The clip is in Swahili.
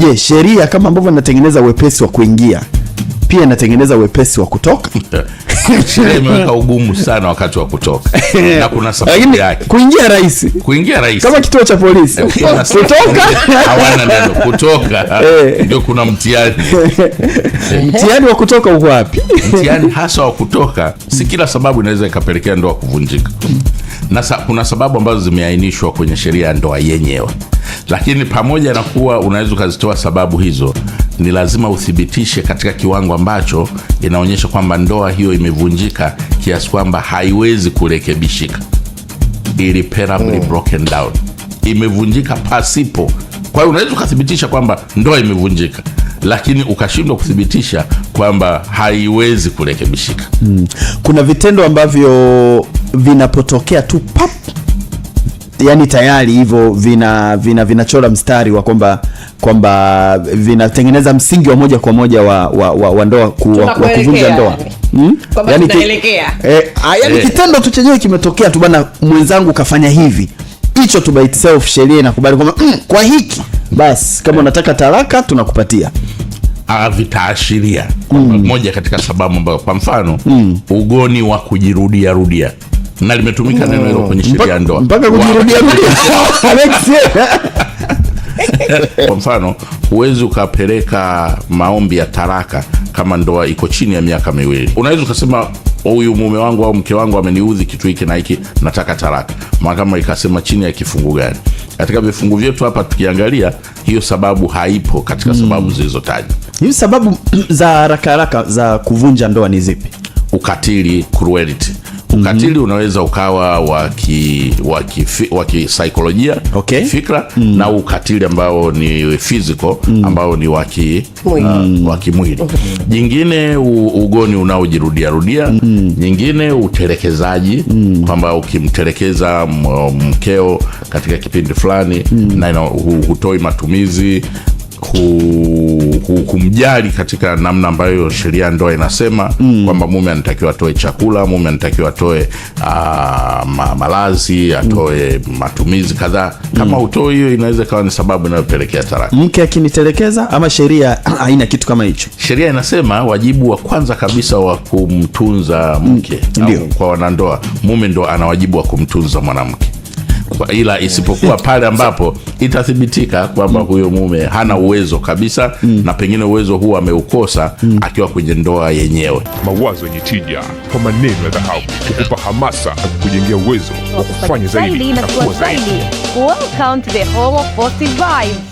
Je, sheria kama ambavyo inatengeneza wepesi wa kuingia pia inatengeneza wepesi wa kutoka. Sheria imeweka ugumu sana wakati wa kutoka na kuna sababu yake. Kuingia rahisi, kuingia rahisi kama kituo cha polisi, eh, kutoka hawana neno. Kutoka eh. ndio kuna mtihani. Mtihani wa kutoka uko wapi? Mtihani hasa wa kutoka, si kila sababu inaweza ikapelekea ndoa kuvunjika, na kuna sababu ambazo zimeainishwa kwenye sheria ya ndoa yenyewe. Lakini pamoja na kuwa unaweza ukazitoa sababu hizo, ni lazima uthibitishe katika kiwango ambacho inaonyesha kwamba ndoa hiyo imevunjika kiasi kwamba haiwezi kurekebishika, mm. broken down, imevunjika pasipo. Kwa hiyo unaweza ukathibitisha kwamba ndoa imevunjika lakini ukashindwa kuthibitisha kwamba haiwezi kurekebishika. hmm. Kuna vitendo ambavyo vinapotokea tu pap yani tayari hivyo vina vina vinachora mstari wa kwamba kwamba vinatengeneza msingi wa moja kwa moja wa wa, wa, wa ndoa ku, wa, wa kuvunja ndoa hmm? yani, eh, ah, yani eh, kitendo tu chenyewe kimetokea tu bwana, mwenzangu kafanya hivi hicho tu by itself sheria inakubali kwamba mm, kwa hiki basi, kama eh. unataka talaka tunakupatia ah, vitaashiria mm. moja katika sababu ambayo kwa mfano mm. ugoni wa kujirudia rudia na limetumika neno hilo kwenye sheria ndoa mpaka kujirudia kwa mfano, huwezi ukapeleka maombi ya taraka kama ndoa iko chini ya miaka miwili. Unaweza ukasema oh, huyu mume wangu au mke wangu ameniudhi kitu hiki na hiki, nataka taraka. Mahakama ikasema chini ya kifungu gani? Katika vifungu vyetu hapa tukiangalia, hiyo sababu haipo katika hmm. sababu mm, zilizotajwa. Hizi sababu za haraka haraka za kuvunja ndoa ni zipi? Ukatili, cruelty Ukatili mm-hmm. unaweza ukawa wa kisaikolojia okay, fikra mm, na ukatili ambao ni fiziko mm, ambao ni wa uh, kimwili. Jingine mm-hmm. ugoni unaojirudia rudia mm, nyingine utelekezaji mm, kwamba ukimtelekeza mkeo katika kipindi fulani mm, na hutoi matumizi ku, ku, kumjali katika namna ambayo sheria ya ndoa inasema mm. kwamba mume anatakiwa atoe chakula, mume anatakiwa atoe ah, malazi, atoe mm. matumizi kadhaa. Kama mm. hutoi hiyo, inaweza ikawa ni sababu inayopelekea talaka. Mke akinitelekeza, ama sheria haina kitu kama hicho. Sheria inasema wajibu wa kwanza kabisa wa kumtunza mke mm. kwa wanandoa, mume ndo ana wajibu wa kumtunza mwanamke kwa, ila isipokuwa pale ambapo itathibitika kwamba huyo mume hana uwezo kabisa mm. na pengine uwezo huo ameukosa mm. akiwa kwenye ndoa yenyewe. Mawazo yenye tija kwa maneno ya dhahabu kukupa hamasa na uwezo wa kufanya zaidi na kuwa zaidi. Welcome to the home of positive vibes.